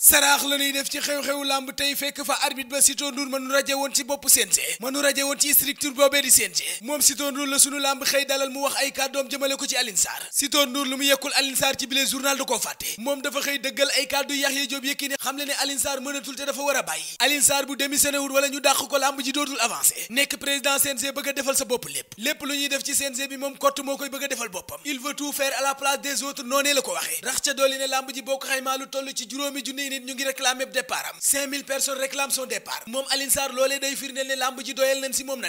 saraax la ñuy def ci xew-xewu làmb tey fekk fa arbitre ba Sitor Ndour manu raje woon ci bopp CNG manu raje woon ci structure boobee di CNG moom Sitor Ndour la sunu làmb xëy dalal mu wax ay kàddoom jëmale ko ci Alioune Sarr Sitor Ndour lu mu yekkul Alioune Sarr ci bile journal da koo fàtte moom dafa xëy dëggal ay kàddu Yaxya Jóob Yékini xam le ne Alioune Sarr mënatul te dafa war a bàyyi Alioune bu démissionné wul wala ñu dàq ko làmb ji dootul avancé bopp lépp lépp lu ñuy def ci CNG bi moom kott moo bëgg a defal boppam il veut tout faire à ci juróomi junni junniy nit ñu ngi réclamer départ am 5000 personnes réclament son départ moom Alioune Sarr day firndeel ne làmb làmb ji doyal nañu si moom ña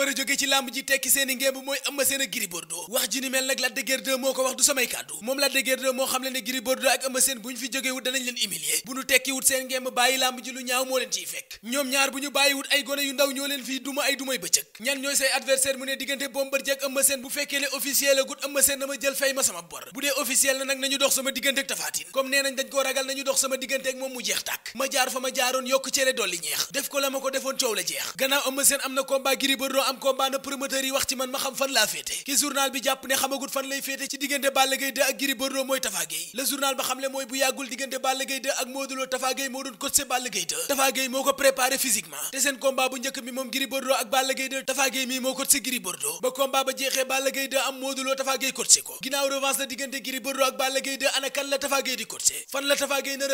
a jóge ci làmb ji tekki seeni ngemb mooy Eumeu Sène ak Gris Bordeaux wax ji ni mel nag Lac de moo ko wax du samay kàddu moom Lac de moo xam le ne Gris ak Eumeu Sène bu ñu fi jógewut danañ leen humilier bu ñu tekkiwut seen ngemb bàyyi làmb ji lu ñaaw moo leen ciy fekk ñoom ñaar bu ñu bàyyiwut ay gone yu ndaw ñoo leen fii duma ay dumay bëccëg ñan ñooy say adversaire mu ne diggante Bombardier ak Eumeu Sène bu fekkee ne officiel agut Eumeu Sène dama jël fay ma sama bor bu dee officiel na nag nañu bi jàpp ne xamagut fan lay féete ci diggante Balla Gaye 2 ak Gris Bordeaux mooy Tapha Gueye la diggante Gris Bordeaux ak Balla Gaye 2 ana kan a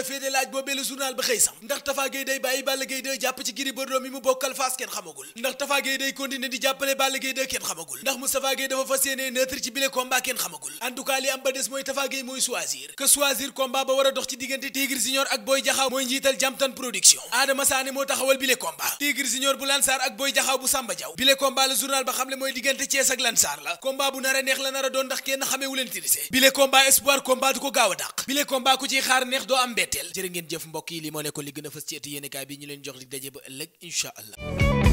féete laaj boobee le journal ba xëy sam ndax Tapha Gueye day bàyyi Balla Gaye 2 jàpp ci Gris Bordeaux mi mu bokkal faas kenn xamagul ndax Tapha day continuer di jàppale Balla Gaye 2 kenn xamagul ndax Moustapha Gueye dafa fas yéene ne neutre ci bile combat kenn xamagul en tout am ba des mooy Tapha mooy choisir que choisir combat ba war dox ci diggante Tigre Junior ak Boy Jaxaw mooy njiital Jamtan Production Adama Sané moo taxawal bile combat Tigre Junior bu Lansar ak Boy Jaxaw bu Samba Diaw bile combat la journal ba xamle mooy diggante Thiès ak Lansar la combat bu nar neex la nar doon ndax kenn xamee leen tirise bile combat espoir combat du ko gaaw a dàq bile